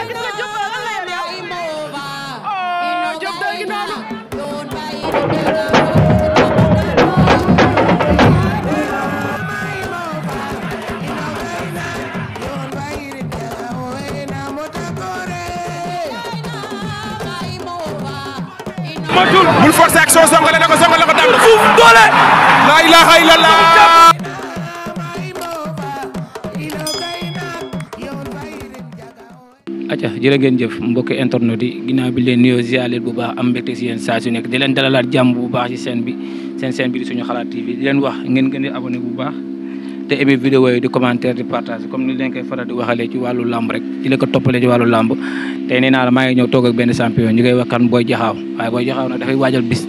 waaye gis nga Diop lan la yem yow. Diop dër gi noonu. bul forcer ak soo songale na ko songale na ko daan na fuuf doole. la ilaha illallah. aca jërë ngeen jëf mbokki internet yi ginnaaw bi leen nuyoo ziar leen bu baax am mbégte si yéen saa su nekk di leen dalalaat jàmm bu baax si seen bi seen seen bi di suñu xalaat TV di leen wax ngeen gën di bu baax te aimé vidéo yi di commentaire di partage comme ni leen koy faral di waxalee ci wàllu làmb rek di la ko toppalee ci wàllu làmb tey nee maa ngi ñëw toog benn champion ñu koy Jaxaaw waaye Boy Jaxaaw nag dafay waajal bis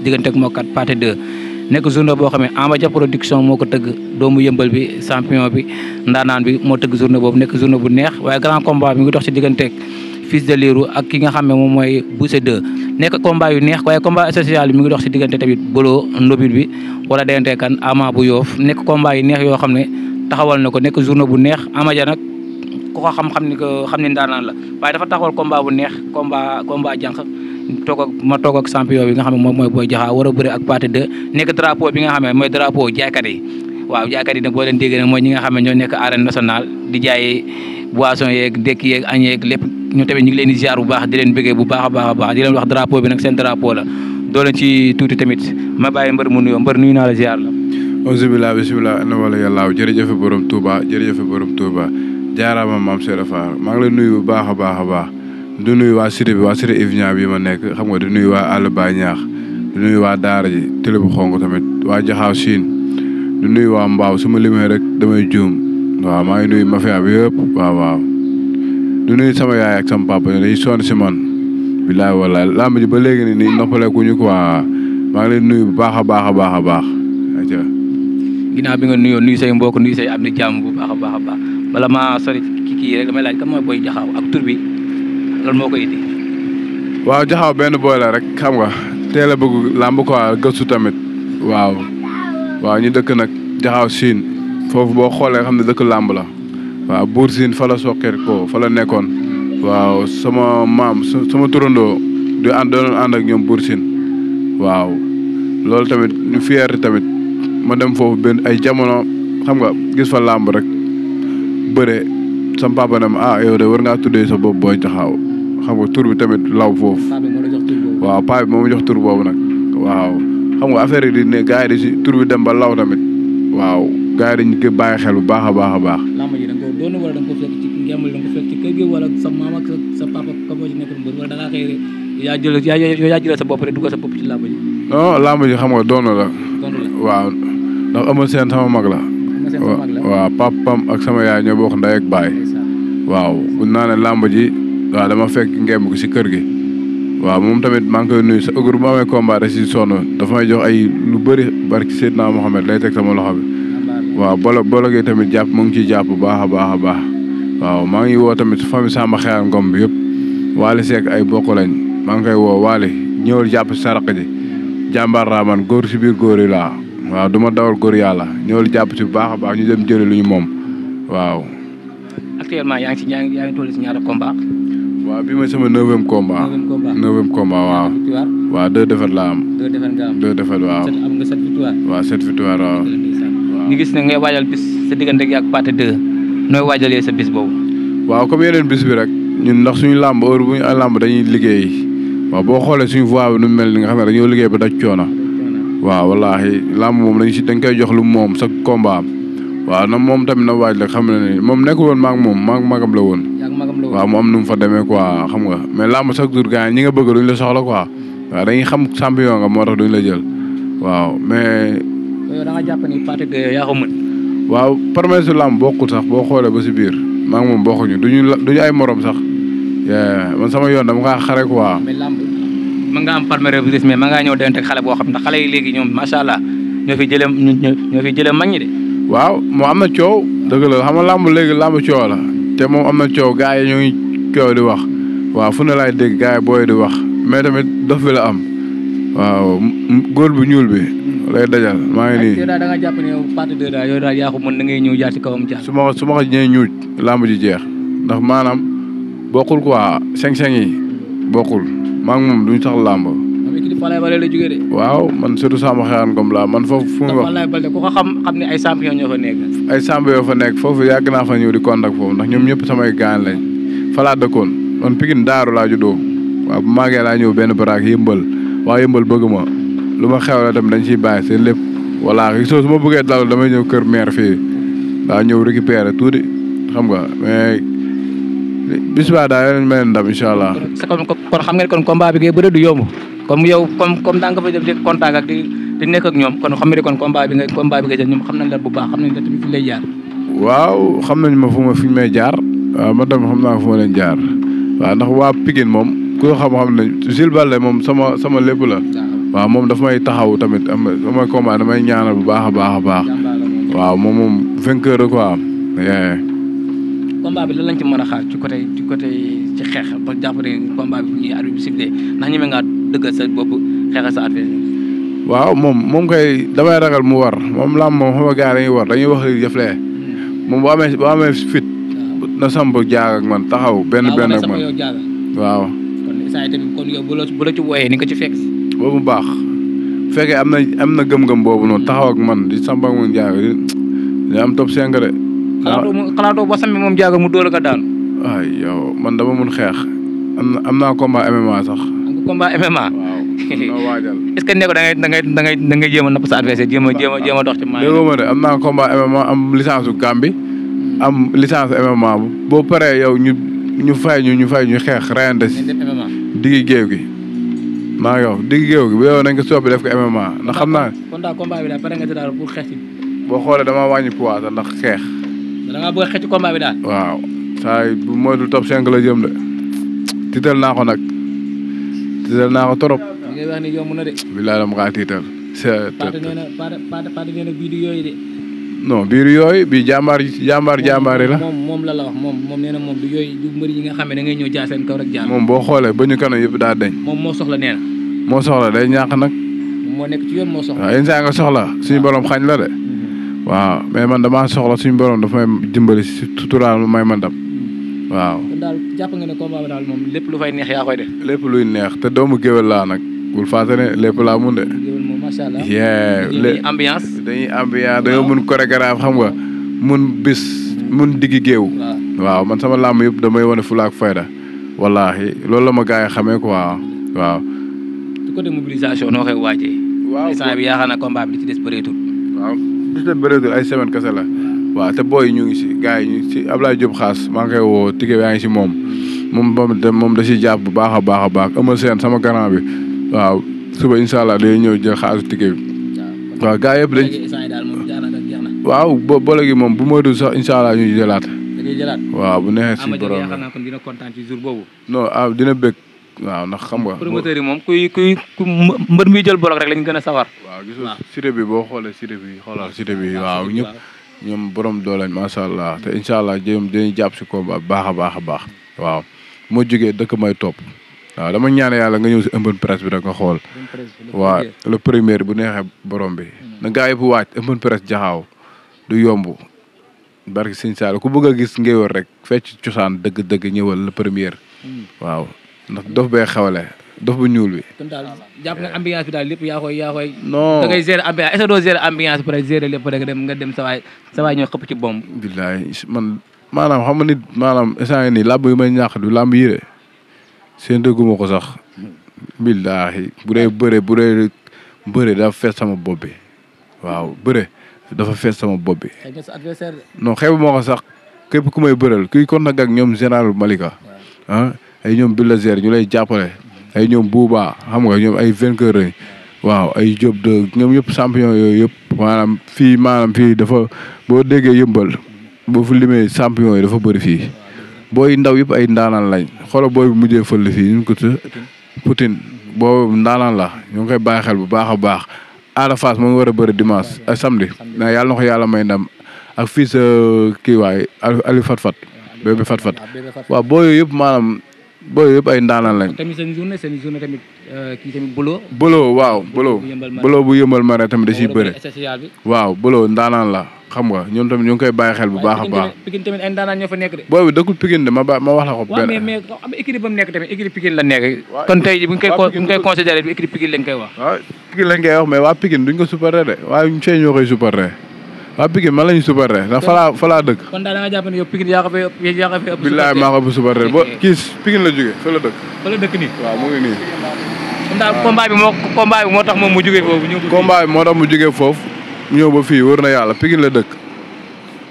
nekk journée boo xam ne Amba Dia production moo ko tëgg doomu yëmbal bi champion bi ndaanaan bi moo tëgg journée boobu nekk journée bu neex waaye grand combat mi ngi dox ci digganteeg ak ki nga xam ne moom mooy Bousse 2 nekk combat yu neex waaye combat social bi mi ngi dox ci diggante tamit Bolo Ndobil bi wala dayante kan Ama bu Yoof nekk combat yu neex yoo xam ne taxawal na ko nekk journée bu neex Amba Dia nag ku ko xam-xam ni ko xam ne ndaanaan la waaye dafa taxawal combat bu neex combat combat jànq toog ma toog ak champion bi nga xam ne moom mooy Boy Jaxaa war a bëri ak partie 2 nekk drapeau bi nga xam ne mooy drapeau jaaykat yi waaw jaaykat yi nag boo leen mooy ñi nga xam ne ñoo nekk arène nationale di jaay boisson yeeg dékk yeeg añ yeeg lépp ñu tamit ñu ngi leen di ziar bu baax di leen bëggee bu baax a baax a baax di leen wax drapeau bi nag seen drapeau la doo ci tuuti tamit ma bàyyi mbër mu nuyoo mbër nuyu naa la ziar la auzubillah bismillah ana wala yàllaaw jërëjëfe borom Touba jërëjëfe borom Touba jaaraama maam Serafar maa ngi la nuyu bu baax a a baax du nuyu waa cité bi waa cité Evian bi ma nekk xam nga du nuyu waa àll ba ñaax du nuyu waa daara ji télé bu xonk tamit waa jaxaaw siin du nuyu waa mbaaw sama ma rek damay juum waaw maa ngi nuyu mafia bi yëpp waaw waaw du nuyu sama yaay ak sama papa dañuy sonn si man bilaay walaay làmb ji ba léegi ni nii noppaleekuñu quoi maa ngi leen nuyu bu baax a baax a baax a baax aca bi nga nuyoo nuyu say mbokk nuyu say am di jàmm bu baax a baax a baax bala maa sori kii rek damay mooy Boy Jaxaaw bi loolu moo ko indi. jaxaw benn booy la rek xam nga teel a bëgg làmb quoi gëstu tamit waaw waaw ñu dëkk nag jaxaw siin foofu boo xoolee xam ne dëkk làmb la waaw buur siin fa la soqeer ko fa nekkoon waaw sama maam sama turandoo di ànd doon ànd ak ñoom buur siin waaw loolu tamit ñu fierté tamit ma dem foofu benn ay jamono xam nga gis fa làmb rek bëre sam papa ne ma ah yow de war ngaa tuddee sa bopp booy jaxaaw xam a tur bi tamit law foofu. waaw paa moo ma jox tur boobu nag. waaw xam nga affaire di ne gars yi bi dem ba law tamit. waaw gars yi xel bu baax a baax a baax. làmb ji da nga ko doon wala ak làmb ji. xam nga doon waaw ndax Eumeu Sène sama mag la. yaay ñoo bokk ndey ak baay. waaw bu naan làmb waaw dama fekk ngemb ko si kër gi waaw moom tamit maa ngi koy nuyu sa ëgër bu amee combat da si sonn dafa may jox ay lu bëri barki Seydina Mohamed lay teg sama loxo bi waaw bolo bologee tamit jàpp mu ngi ciy jàpp baax a baax a baax waaw maa ngi woo tamit famille Samba Xeyar Ngom bi yëpp Waly Seck ay bokk lañ maa ngi koy woo Waly ñëwal jàpp si saraq ji jàmbaar laa man góor si biir góor yi laa waaw du dawal góor yàlla ñëwal jàpp ci bu baax a baax ñu dem jëli lu ñu moom waaw. actuellement yaa ngi ngi toll si ñaari waaw bi mooy sama neuvième combat. neuvième combat waaw. waaw deux défaites laa am. deux défaites am deux défaites waaw. am nga waaw gis ne ngay waajal bis sa diggante ak Pathé 2 nooy waajalee sa bis boobu. waaw comme yeneen bis bi rek ñun ndax suñu làmb heure bu ñu làmb dañuy liggéey waaw boo xoolee suñu voie bi nu mel ni nga xam ne dañoo liggéey ba daj coono. waaw wallaahi làmb moom dañ si dañ koy jox lu moom sa combat waaw na moom tamit na waaj la xam ne ni moom nekkul woon maag moom maag magam la woon. waaw mu am nu mu fa demee quoi xam nga mais làmb chaque jour gars ñi nga bëgg duñ la soxla quoi waaw dañuy xam champion nga moo tax duñ la jël waaw mais. yow da nga jàpp ni Fatick yaa ko boo xoolee ba si biir maa ngi moom bokkuñu duñu la duñu ay morom sax man sama yoon dama kaa xare quoi. mais làmb mën am bu des mais mën ñëw denc xale boo xam ndax xale yi léegi ñoom macha allah ñoo fi jëlee ñoo fi jëlee mag ñi de. waaw moo am na coow dëgg xam nga làmb léegi làmb coow la te moom am na coow gars yi ñu ngi coow di wax waaw fu na laay dégg gars booy di wax mais tamit dof bi la am waaw góor bu ñuul bi lay dajal maa ngi nii. yow daal da nga jàpp ne ngay ñëw jaar ci kawam jaar. su ma ko su ma ko jeex ndax maanaam bokkul quoi cinq cinq yi bokkul maa ngi moom duñ sax làmb. di Falaye Baldé la jógee de. waaw man surtout Samba Xeyane Ngom laa man foofu. fu mu wax Falaye xam xam ne ay champion ñoo fa nekk. ay champion yoo fa nekk foofu yàgg naa fa ñëw di contact foofu ndax ñoom ñëpp samay gaan lañ fa laa dëkkoon man Pikine daaru laa juddoo waaw bu màggee laa ñëw benn baraak yëmbal waa yëmbal bëgg ma lu ma xew la tam dañ ciy bàyyi seen lépp wala gisoo ma bëggee dal damay ñëw kër maire fii daa ñëw récupérer tuuti xam nga mais bis baa daa yeneen mel ndam kon xam ngeen kon combat bi ngay bëre du yomb. comme yow comme comme daa nga fay def di contact ak di di ñoom kon xam nga ni kon combat bi nga combat ñoom xam na la bu baax xam nañ la tamit fi lay xam nañ ma fu ma fi ñu may jaar ma man tam xam naa fu ma leen jaar waaw ndax waa Pikine moom ku xam-xam ne Jules Baldé moom sama sama lépp la. waaw moom dafa may taxaw tamit am sama combat damay ñaanal bu baax a baax a baax. waaw moom moom vainqueur la quoi. combat bi lan lañ ci mën a xaar ci côté ci côté ci xeex ba jàpp ne combat bi bu ñuy arbitre bi sifflé ndax ñeme ngaa dëggal sa bopp xeexal waaw moom moom kay damay ragal mu war moom làmb moom xam nga gars dañuy war dañuy wax li jëflee hmm. moom bu amee bu amee fit na samp jaag man taxaw benn benn ak man waaw. kon saa tamit ci fekk. boobu baax bu am na am na gëm-gëm boobu noonu taxaw ak man di samp ak man am top 5 de. xalaatoo xalaatoo boo sammi moom jaag mu dóor la ko daanu. man dama mun xeex am naa combat MMA sax. combat MMA. est-ce que nekkul da ngay da ngay da ngay da ngay jéem sa a a dox ci maa de am na combat MMA am licence su Gambie hmm. am licence MMA boo pare yow ñu ñu fay ñu ñu fay ñu xeex rayante si diggi géew maa ngi yow diggi géew bu yow nañ ko soppi def ko MMA ndax xam naa kon daal combat bi daal pare nga daal pour xeex ci boo xoolee damaa wàññi ndax xeex da ngaa bëgg a daal waaw saa bu moytul top 5 la jëm de tiital naa nag tiital naa ko trop. li ngay na de. bilaay la ma kaa yooyu bi jàmbaar jàmbaar jàmbaari la. moom la la wax moom xam ne da ngay ñëw jaar seen rek moom boo xoolee ba ñu kanam yëpp daa deñ. moom moo soxla nee moo soxla day ñàkk nag. moo nekk ci yoon moo soxla. waaw yenn saa nga suñu borom xañ la de. Mm-hmm. waaw mais man damaa soxla suñu borom dafa dimbali si tural may ma ndam waaw daal lépp lu fay neex yaa koy def. lépp luy neex te doomu géwél laa nag bul fàtte ne lépp laa mun de. géwél ambiance dañuy ambiance dañoo mun chorégraphe xam nga mun bis mm. mun digg géew. waaw man sama làmb yëpp damay wane fulaak fayda wallaahi loolu la ma gars yi xamee quoi waaw. du côté mobilisation noo koy waajee. waaw instant combat bi li ci des bëreetul. waaw li ci des ay semaine kese la. waaw te booy ñu ngi si gars yi ñu si Ablaye Diop xaas maa ngi koy woo tike yaa ngi si moom moom moom da si jàpp bu baax a baax a baax ëmmal seen sama grand bi waaw suba incha allah day ñëw jël xaasu tike bi. waaw gars yëpp dañ waaw bo boole gi moom bu moytu sax ñu allah ñuy jëlaat. dañuy jëlaat waaw bu neexee si borom xam naa kon dina kontaan ci jour boobu. non ah dina bëgg. waaw ndax xam nga. promoteur yi moom kuy kuy ku mbër mi jël bolok rek lañ gën a sawar. waaw gis nga cité bi boo xoole si bi xoolal cité bi waaw ñëpp. ñoom borom doole macha allah te incha allah ñoom dañuy jàpp si combat baax a baax a baax waaw moo jógee dëkk may topp waaw dama ñaan yàlla nga ñëw si ëmbën presse bi rek nga xool waaw le bu neexee borom bi na gaa yëpp waaj ëmban presse jaxaw du yomb barki sëñ Saal ku bëgg a gis ngéwél rek fecc cosaan dëgg-dëgg ñëwal le premier mm. waaw ndax dof bee xawle dof bu ñuul bi. kon daal jàpp bi daal lépp yaa koy non da lépp rek dem nga dem sa waay sa ci bomb. billaay man maanaam xam nga nit maanaam instant yii nii làmb yu may ñàkk du làmb yi de seen dëgguma ko sax. billahi bu dee bëre bu dee bëre dafa fees sama bopp bi waaw bëre dafa fees sama bopp bi. non xeebu moo ko sax képp ku may bëreel kuy kontak ak ñoom général Malika. ah ay ñoom bulldozer ñu lay jàppale. ay ñoom buubaa xam nga ñoom ay vainqueur waaw ay job de ñoom yëpp champion yooyu yëpp maanaam fii maanaam fii dafa boo déggee yëmbal boo fu limee champion yi dafa bëri fii booy ndaw yëpp ay ndaanaan lañ xolo booy bi mujjee fël fii ñu ko tudd Poutine boobu ndaanaan la ñu ngi koy bàyyi bu baax a baax Ada moom moo war a bëri dimanche ak samedi na yàlla na ko yàlla may ndam ak fii sa euh, kii waay Aliou Fatfat bébé Fatfat waaw booy yëpp maanaam booy yëpp ay ndaanaan lañ. tamit seen journée seen journée tamit euh, kii tamit Bolo. Bolo waaw Bolo Bolo bu yëmbal mara tamit da ciy waaw Bolo ndaanaan la xam nga ñun tamit ñu ngi koy xel bu baax a baax. Pikine tamit ay ndaanaan ñoo fa de. ma wax la ko. benn waaw mais nekk tamit écurie Pikine la nekk. kon tey jii bu ñu waa Pikine duñ ko supporté de waaye ñu see ñoo koy waa Pikine man la ñu subar ndax falaa falaa dëkk. kon daal da nga jàpp ne yow Pikine yaa ko fay yaa kiis Pikine la jógee fa dëkk. fa la dëkk nii waaw mu ngi nii. kon moo tax moom mu juge foofu ñëw. moo tax mu jógee foof ñëw ba fii wër na yàlla Pikine la dëkk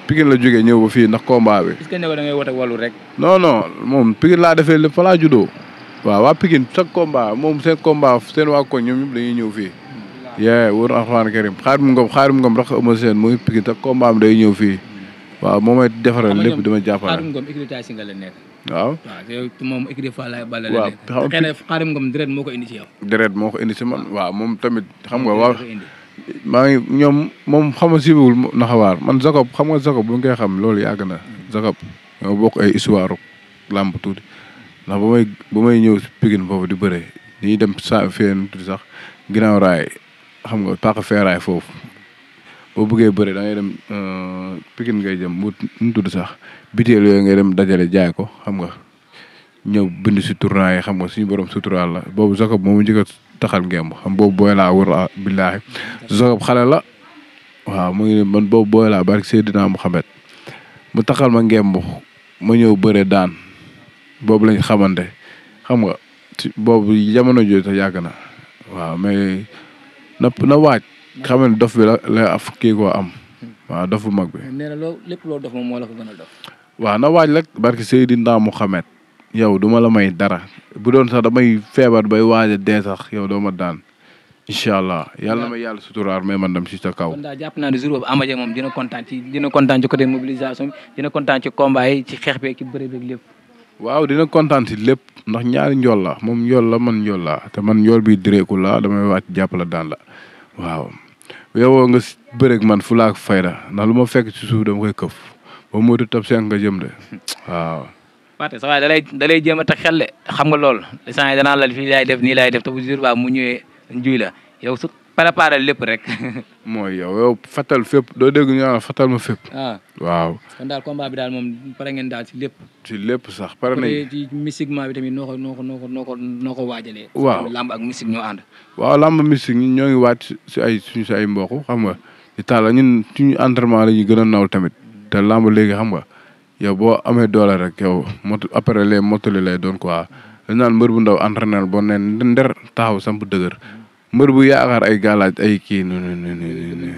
Pikine la jógee ñëw ba fii ndax combat bi. est-ce que ne rek. non moom Pikine laa defee lépp fa laa juddoo. waaw waa Pikine chaque combat moom seen combat seen waa koñ ñoom ñëpp dañuy ñëw fii yee wóor alxuraan karim xaarim ngom xaarim ngom rax Eumeu Sène mu ngi Pikine te combat am day ñëw fii waaw moom may defaral lépp dama jàppale xaarim ngom écritage nga la nekk waaw moom écrit fa lay bala la nekk te xëy na xaarim ngom deret moo moo ko indi ci man waaw moom tamit xam nga waaw maa ngi ñoom moom xam nga siiwul naxawaar man Jacob xam nga Jacob bu nga xam loolu yàgg na Jacob ñoo bokk ay histoire làmb tuuti ndax ba may ba may ñëw Pikine foofu di bëre ñuy dem sa feen tuuti sax ginnaaw raay xam nga paax feeraay foofu boo bëggee bëri da ngay dem pikin ngay jëm mu mu tudd sax biteel ngay dem dajale jaay ko xam nga ñëw bind si tournoi yi xam nga suñu borom suturaal la boobu Jacob moomu njëkk taxal ngemb xam boobu booy laa wër ah, billaahi Jacob la waaw mu man boobu booy laa barke Seydina mu taxal ma ngemb ma ñëw daan boobu lañ xamante xam nga boobu jamono jooju sax yàgg na waaw na na waaj. xam ne dof bi la la af kii koo am. waaw dof bu mag bi. na loo lépp loo dof moom moo la ko gën a dof. waaw na waaj rek barke Seydina Muhammad yow du la may dara bu doon sax damay feebar bay waaj a dee sax yow doo ma daan. incha allah yàlla may yàlla suturaar mais man dam si sa kaw. kon jàpp naa ne jour boobu Ama Dia moom dina kontaan ci dina kontaan ci côté mobilisation bi kontaan ci combat yi xeex beeg ci bëre beeg lépp. waaw dina kontaan si lépp ndax ñaari njool la moom njool la man njool la te man njool bi direeku la damay wàcc jàpp la daan la. waaw yow nga bëreeg man fu laak fayda ndax lu ma fekk ci suuf dama koy këf ba moytu top cinq nga jëm de waaw. Pathé sa waay da lay da lay jéem a teg xel de xam nga lool instant yii danaa la fi laay def nii laay def te bu jour ba mu ñëwee njuy la yow préparé lépp rek. mooy yow yow fatal fépp doo dégg ñu naan fatal ma fépp. Ah. waaw kon daal combat bi daal moom pare ngeen daal ci lépp. ci lépp sax pare nañ ci mystiquement bi tamit noo ko noo ko noo ko noo ko waajalee. waaw lamb ak mystique ñoo ànd. ñoo ngi waat si ay suñu si ay mbokk xam nga di taal ñun suñu entraînement la ñuy gën a naw tamit te lamb léegi xam nga yow boo amee doole rek yow mot après les motali lay doon quoi dañ naan mbër bu ndaw entraîneur boo neen nder taxaw samp dëgër. mbër bu yaakaar ay galaaj ay kii nu nu nu nu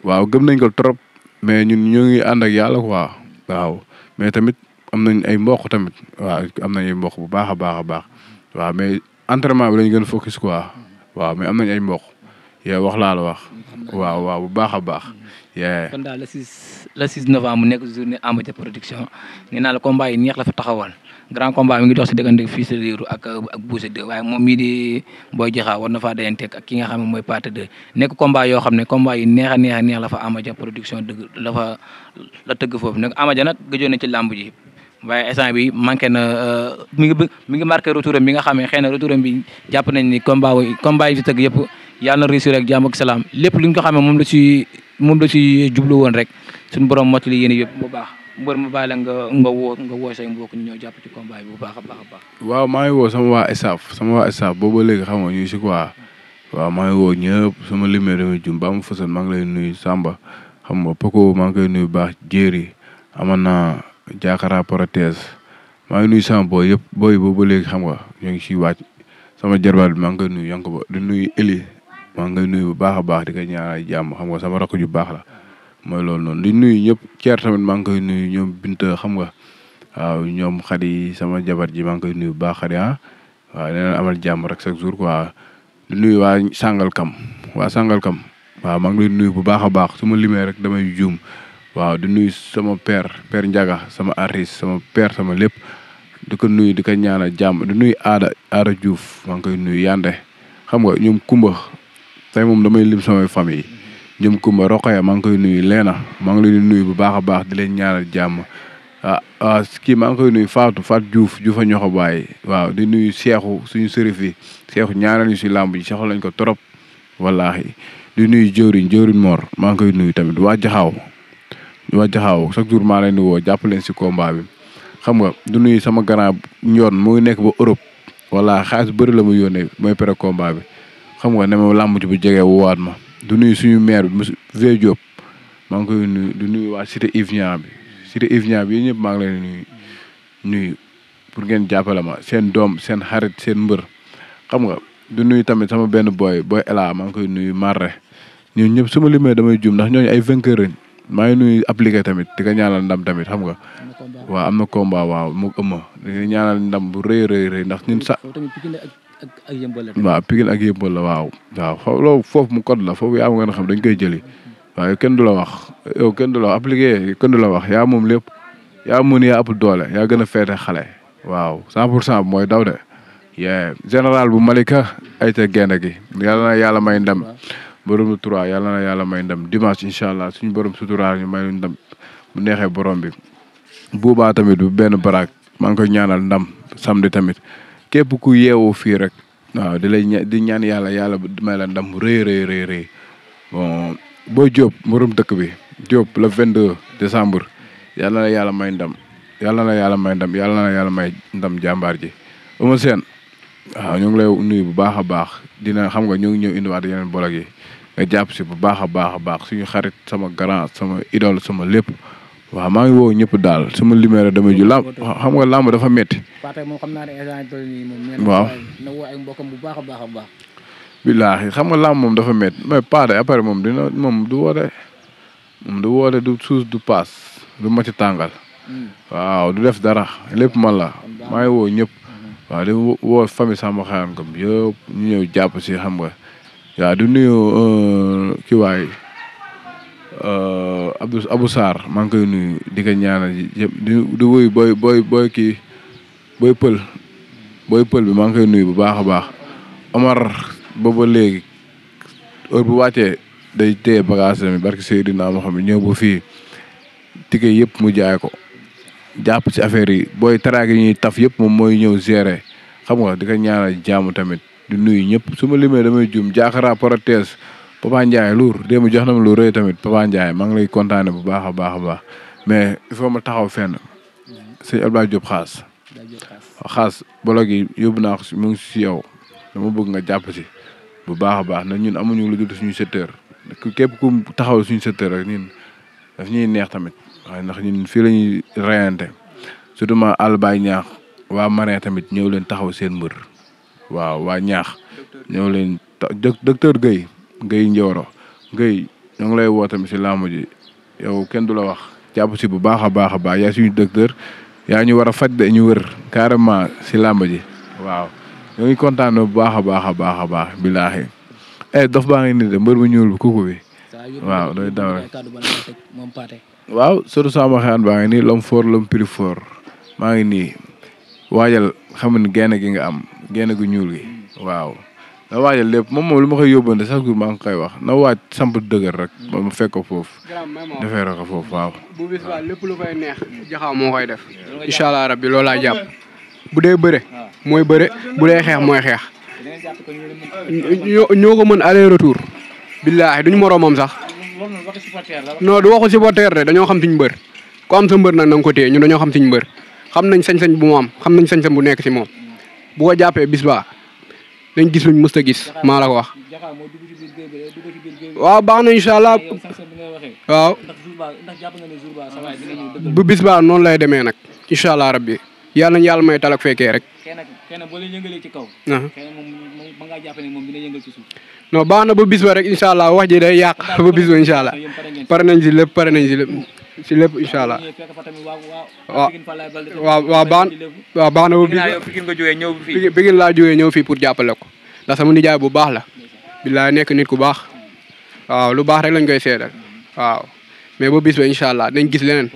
waaw gëm nañ ko trop mais ñun ñoo ngi ànd ak yàlla quoi waaw mais tamit am nañ ay mboq tamit waaw am ay mboq bu baax a baax a baax waaw mais entraînement bi ñu gën a focus waaw mais am nañ ay mboq yow wax laa la wax waaw waaw bu baax a baax. kon daal le le 6 novembre mu nekk journée Ama Dia production nee naa la combat yi neex la fa taxawal. grand combat mi ngi dox si dëggante fii sa réeru ak ak waaye moom mii di Boy Jaxaa war na faa dayanteeg ak ki nga xam ne mooy Pathé 2 nekk combat yoo xam ne combat yi neex a neex a neex la fa Amadia production dëgg la fa la tëgg foofu nag Amadia nag gëjoon na ci làmb ji waaye instant bi manqué na euh, mi ngi mi ngi marqué retouram bi nga xam ne xëy na retouram bi jàpp nañ ni combat combat yi ci yëpp yàlla na réussir rek jàmm ak salaam lépp li ñu xam xamee moom la si moom la si jublu woon rek suñu borom mottali yéen yëpp bu baax mbër ma bàyyi nga nga woo nga woo say mbokk ñu jàpp ci combat bu baax a baax a baax. waaw maa ngi woo sama waa staff sama waa staff boobu léegi xam nga ñu si quoi waaw maa ngi woo sama limee damay mu fësal maa ngi lay nuyu Samba xam nga Poko maa ngi koy nuyu baax Jéeri amoon na jaakara prothèse maa ngi nuyu sama booy yëpp booy boobu léegi xam nga ñoo ngi siy wàcc sama jarbaat bi maa koy nuyu Yankuba di nuyu Eli maa ngi koy nuyu bu baax a baax di ko ñaanal jàmm xam nga sama rakk ju baax la. mooy loolu noonu di nuyu ñëpp ceer tamit maa ngi koy nuyu ñoom Binta xam nga waaw ñoom xadi sama jabar ji maa ngi koy nuyu bu baax xadi ah waaw amal jàmm rek chaque jour quoi di nuyu waa Sangalkam waa Sangalkam waaw maa ngi nuyu bu baax a baax su ma limee rek damay juum waaw di nuyu sama per per njaga sama artiste sama père sama lépp di ko nuyu di ko ñaana jàmm di nuy Aada Aada Diouf maa ngi koy nuyu Yande xam nga ñoom Kumba tey moom damay lim samay famille ñoom Kumba Roqaya maa ngi koy nuyu Leena maa ngi leen di nuyu bu baax a baax di leen ñaanal jàmm ah, ah kii maa ngi koy nuyu faatu Fatou Diouf Diouf a ñoxo baay waaw di nuyu Seexu suñu sërif yi Seexu ñaanal ñu si làmb ji soxla lañ ko trop wallaahi di nuyu jëwriñ jëwriñ Mor maa ngi koy nuyu tamit waa jaxaw waa Jaxaaw chaque jour maa leen di woo jàpp leen si combat bi xam nga du nuyu sama grand yoon mu nekk ba Europe wala xaalis bari la mu yónnee mooy pré combat bi xam nga ne ma làmb ci bu jege du nuyu suñu maire bi Vieux Diop maa ngi koy nuyu du nuyu waa cité Ivian bi cité Ivian bi yéen ñëpp maa ngi leen nuyu nuyu pour ngeen jàppale ma seen doom seen xarit seen mbër xam nga du nuyu tamit sama benn booy booy Ela maa ngi koy nuyu Marre ñun ñëpp suma ma limee damay juum ndax ñooñu ay vainqueur lañ maa ngi nuyu appliqué tamit di ko ñaanal ndam tamit xam nga. waaw am na combat waaw mu ëmma di ñaanal ndam bu rëy rëy rëy ndax ñun sax. ak yëmbal la. waaw ak yëmbal la waaw. waaw foofu loolu foofu mu code la foofu yaa nga xam dañ koy jëli waaye kenn du la wax yow du la wax appliqué kenn du la wax yaa moom lépp yaa mun yaa ëpp doole yaa gën a féete xale. waaw 100 pour mooy daw de. général bu Malika ay te gaynde gi yàlla na yàlla may ndam. borom lu trois yàlla na yàlla may ndam dimanche incha allah suñu borom suturaal ñu may ñu mu neexee borom bi. buubaa tamit bu benn baraak maa ngi koy ñaanal ndam samedi tamit. képp ku yeewoo fii rek waaw di lay di ñaan yàlla yàlla may la ndam rëy rëy rëy rëy bon boo Diop morom dëkk bi Diop le 22 décembre yàlla na yàlla may ndam yàlla la yàlla may ndam yàlla na yàlla may ndam jàmbaar ji Eumeu Sène waaw ñu ngi lay nuyu bu baax a baax dina xam nga ñu ngi ñëw indiwaat yeneen bolo yi nga jàpp si bu baax a baax a baax suñu xarit sama grand sama idole sama lépp waaw maa ngi woo ñëpp daal sama liméra damay ju làmb xam nga làmb dafa metti waaw billaahi xam nga làmb moom dafa met mais paade après moom dina moom du woote moom du woote du suus du paas du ma ci tàngal hmm. waaw du def dara lépp man la maa ngi woo ñëpp hmm. waaw di woo famille Samba Xaram yëpp ñu ñëw jàpp si xam nga waaw du nuyu euh, kii waay euh, abu Abou Sarr maa ngi koy nuyu di ko ñaana di di wuyu booy booy booy kii booy pël booy bi maa ngi koy nuyu bu baax a baax Omar booba léegi heure bu wàccee day téye bagage mi barki Seydina Muhammad ñëw ba fii tike yëpp mu jaay ko jàpp ci affaire yi booy taraag yi ñuy taf yëpp moom mooy ñëw gérer xam nga di ko ñaanal jaamu tamit di nuyu ñëpp su ma limee damay juum jaakaraa prothèse Papa Ndiaye luur démb jox na ma lu rëy tamit Papa Ndiaye maa ngi lay kontaane bu baax a baax a baax mais il ma taxaw fenn sëñ Abdoulaye xaas xaas blog yi yóbbu naa ko si mu ngi si yow dama bëgg nga jàpp si bu baax a baax na ñun amuñu lu dul suñu secteur képp ku taxaw suñu secteur rek ñun daf ñuy neex tamit waaye ndax ñun fii la ñuy reyante surtout ma àll baay ñaax waa marin tamit ñëw leen taxaw seen mbër waaw waa ñaax ñëw leen docteur Guèye Guèye Ndioro Guèye ñoo ngi lay woote tamit si làmb ji yow kenn du la wax jàpp si bu baax a baax a baax yaa suñu docteur yaa ñu war a faj de ñu wër carrément si làmb ji waaw ñoo ngi kontaan bu baax a baax a baax a baax bilaahi eh dof baa ngi nii de mbër bu ñuul bi kooku bi waaw doy daw rek waaw surtout sama xaan baa ngi nii lom fort l'homme plus foor maa ngi nii waajal xam ne gaynde gi nga am gaynde gu ñuul gi waaw na waajal lépp moom moom lu ma koy yóbbante sax gu maa ngi koy wax na waaj samp dëgër rek ma ma fekk foofu. dafay raka foofu waaw. bu bis ba lépp lu koy neex. jaxaw moo koy def. incha allah rabbi loolu laa jàpp. bu dee bëre. mooy bëre bu dee xeex mooy xeex. ñoo ko mën aller retour. billaahi duñu moroomam sax. non du waxu supporter de dañoo xam suñu mbër. ku am sa mbër nag na nga ko téye ñun dañoo xam suñu bër xam nañ sañ-sañ bu mu am xam nañ sañ-sañ bu nekk si moom. bu jàppee bis ba dañ gis luñ mës gis maa la wax. waaw baax na incha allah waaw bu bis baa noonu lay demee nag incha allah rabbi yàlla nañu yàlla may talak fekkee rek. ci kaw. kenn moom mën ngaa jàpp no baax na ba bis ba rek incha allah wax ji day yàq ba bis ba incha allah pare nañ si lépp pare nañ si lépp si lépp incha allah waaw waaw waaw baax waaw baax na ba bis ba Pikine laa jógee ñëw fi pour jàppale ko ndax sama nijaay bu baax la billaay nekk nit ku baax waaw lu baax rek lañ koy seedal waaw mais ba bis ba incha allah dañ gis leneen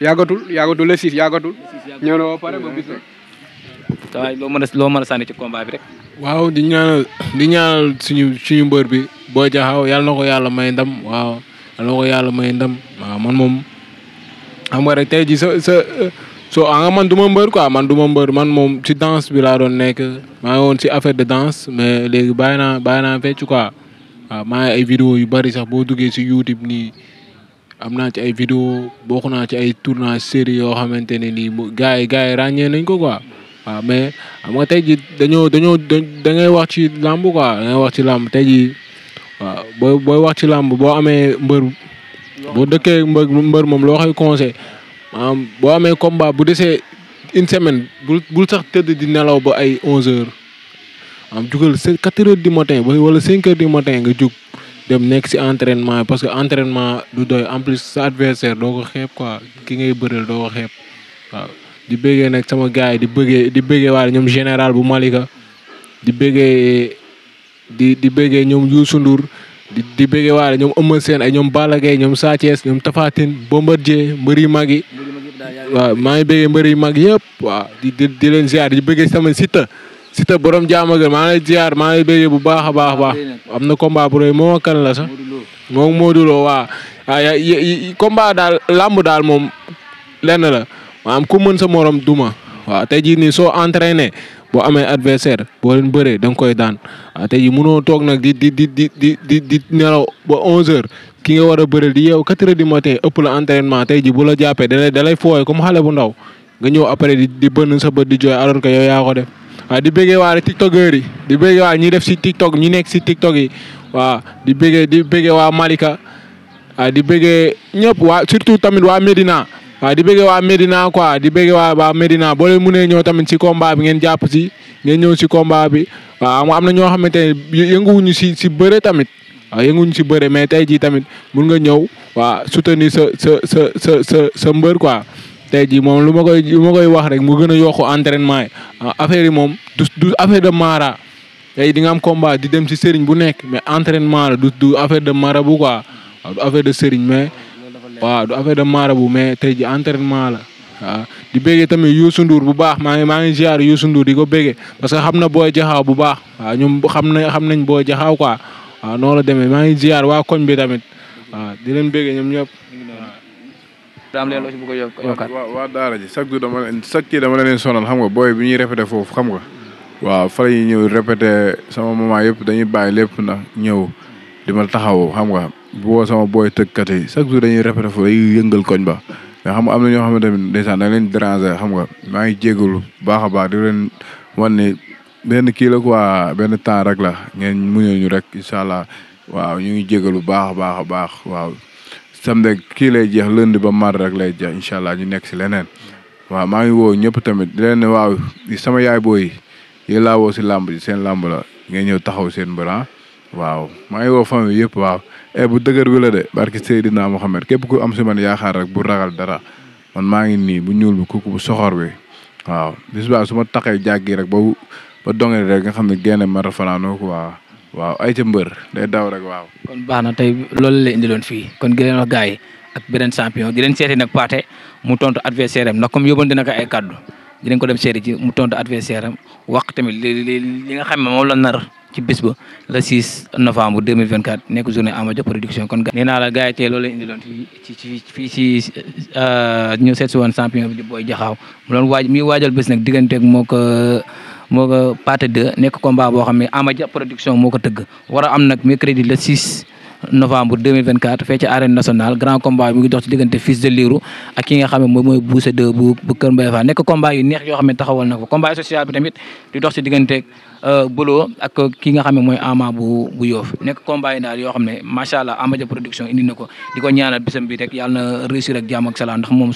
yàggatul yàggatul le six yàggatul ñëw na ba pare ba bis ba waaye loo mën a loo a waaw di ñaanal di ñaanal suñu suñu mbër bi Boy Diakhao yàlla na ko yàlla mayndam ndam yàlla na ko man moom xam nga rek tey so a ah, nga man du ma mbër quoi man du ma mbër man moom si danse bi laa doon nekk maa ngi woon affaire de danse mais léegi bàyyi naa bàyyi fecc quoi waaw ay vidéo yu bari sax boo duggee si YouTube nii am naa ci ay vidéo bokk naa ci ay tournage série yoo xamante ne nii gars yi gars yi ràññee nañ ko quoi waaw mais xam nga tey ji dañoo dañoo da ngay wax ci làmb quoi da wax ci làmb tey ji waaw booy booy wax ci làmb boo amee mbër boo dëkkee mbër mbër moom loo koy conseil boo amee combat bu desee une semaine bul bul sax tëdd di nelaw ba ay onze heures am jugal quatre heures du matin wala cinq heures du matin nga jug dem nekk ci entraînement parce que entraînement du doy en plus sa adversaire doo ko xeeb quoi ki ngay bëreel doo ko xeeb waaw di bëggee nag sama gars yi di bëggee di bëggee waale ñoom général bu Malika di bëggee di di bëggee ñoom Youssou Ndour di di bëggee waale ñoom Eumeu Sène ay ñoom Balla ñoom Sa Thiès ñoom Tapha Tine Bombardier mbër yu mag yi maa ngi bëggee mbër yu mag yëpp waaw di di leen ziar di bëggee sama Siteu Siteu borom jaamagal maa ngi lay ziar maa ngi bu baax a baax a am na combat bu rëy moom kan la sax moom Modou Lo waaw daal làmb daal moom lenn la maanaam ku mën sa morom duma waaw tey jii nii soo entraîné boo amee adversaire boo leen bëree da nga koy daan waaw tey jii mënoo toog nag di di di di di di di nelaw ba 11h ki nga war a bëri di yow 4 heures du matin ëpp la entraînement tey jii bu la jàppee da lay da lay fooy xale bu ndaw nga ñëw après di di bënn sa bët di jooy alors que yow yaa ko def. waaw di bëggee waale tiktokeur yi di bëggee waa ñi def si tiktok ñi nekk si tiktok yi waa di bëggee di bëggee waa Malika ah di bëggee ñëpp waa surtout tamit waa Medina. waaw di bëggee waa Médina quoi di bëggee waa waa Médina boo leen mënee ñëw tamit si combat bi ngeen jàpp si ngeen ñëw si combat bi waaw am na ñoo xamante ne yënguwuñu si si bëre tamit waaw yënguwuñu si bëre mais tey jii tamit mun nga ñëw waa soutenir sa sa sa sa sa sa mbër quoi tey jii moom lu ma koy lu ma koy wax rek mu gën a yokk entraînement yi ah, affaire yi moom du du affaire de mara tey di nga am combat di dem si sëriñ bu nekk mais entraînement la du du affaire de mara bu quoi affaire de sëriñ mais. waaw du affaire de bu mais tey ji entraînement la waaw di béggee tamit Youssou Ndour bu baax maa ngi maa ngi ziar Youssou Ndour di ko béggee parce que xam na booy jaxaaw bu baax waaw ñoom xam na xam nañ booy jaxaaw quoi waaw noonu la demee maa ngi ziar waa koñ bi tamit waaw di leen béggee ñoom ñëpp am leen loo ci bëgg a yokkaat waa daara ji chaque jour dama leen chaque kii dama leen sonal xam nga booy bi ñuy répété foofu xam nga waaw fa la ñuy ñëw répété sama moment yëpp dañuy bàyyi lépp na ñëw di ma taxaw xam nga boo sama booy tëggkat yi chaque jour dañuy répété foofu dañuy yëngal koñ ba mais xam nga am na ñoo xam ne tamit ndeysaan da leen déranger xam nga maa ngi jégalu baax a baax di leen wan ne benn kii la quoi benn temps rek la ngeen muñal ñu rek incha allah waaw ñu ngi jégalu baax a baax a baax waaw samedi kii lay jeex lënd ba mar rek lay jeex incha allah ñu nekk si leneen waaw maa ngi woo ñëpp tamit di leen ne waaw sama yaay booy yi laa woo si làmb ji seen làmb la ngeen ñëw taxaw seen mbër ah. waaw maa ngi woo famille yëpp waaw e bu dëgër bi la de barki Seydina Mohamed képp ku am si man yaakaar rek bu ragal dara man maa ngi nii bu ñuul bi kooku bu soxor bi waaw bis baa su ma taxee jàggi rek ba ba dongale rek nga xam ne génne mara falaanoo ko waaw waaw ay ca mbër day daw rek waaw. kon baax na tey loolu la indiloon fii kon di leen wax gars yi ak beneen champion di leen seeti nag Pathé mu tontu adversaire am ndax comme yóbboon dina ko ay kaddu di leen ko dem seeti ci mu tontu adversaire am wax tamit li li nga xam ne moom la nar. ci bis ba le novembre 2024 nekk journée Ama euh, euh, euh, nekk combat boo production moo ko a am nag mercredi le 6 novembre 2024 fee ci arène nationale neex yoo xam ne taxawal na ko combat social tamit di dox ci diggante Euh, Bolo ak ki nga xam mooy Ama bu bu Yoff nekk combat yi daal yoo xam ne macha allah Ama Dia production indi na ko di ko ñaanal bisam bi rek yàlla na réussir ak jàmm ak salaam ndax la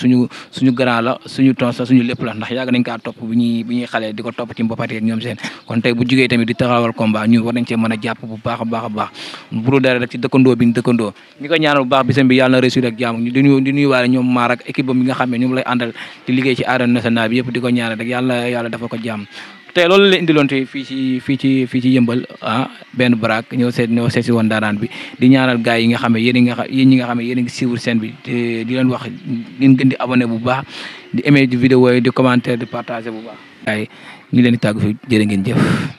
suñu tons la suñu lépp la ndax yàgg nañ kaa topp bu ñuy di ko topp ci mbapat ak ñoom seen kon tey bu jugee tamit di taxawal combat ñu war nañ cee mën a jàpp bu baax a baax a baax bu dul dara rek ci dëkkandoo bi ñu dëkkandoo ñi ko ñaanal bu baax bisam bi yàlla na réussir di nuyu di ñoom maar ak équipe bi nga xam ñoom lay àndal di liggéey ci arène nationale bi yëpp di ko ñaanal rek yàlla yàlla dafa te loolu la indiloon tey fii ci fii ci fii ci yëmbal ah benn baraak ñëw seet ñëw seet si woon daraan bi di ñaanal gars yi nga xam ne yéen nga xam yéen ñi nga xam ne yéen a ngi suivre seen bi di leen wax ngeen gën di abonné bu baax di aimé di vidéo yi di commentaire di partager bu baax. gars yi ñu leen di fi jërë ngeen jëf.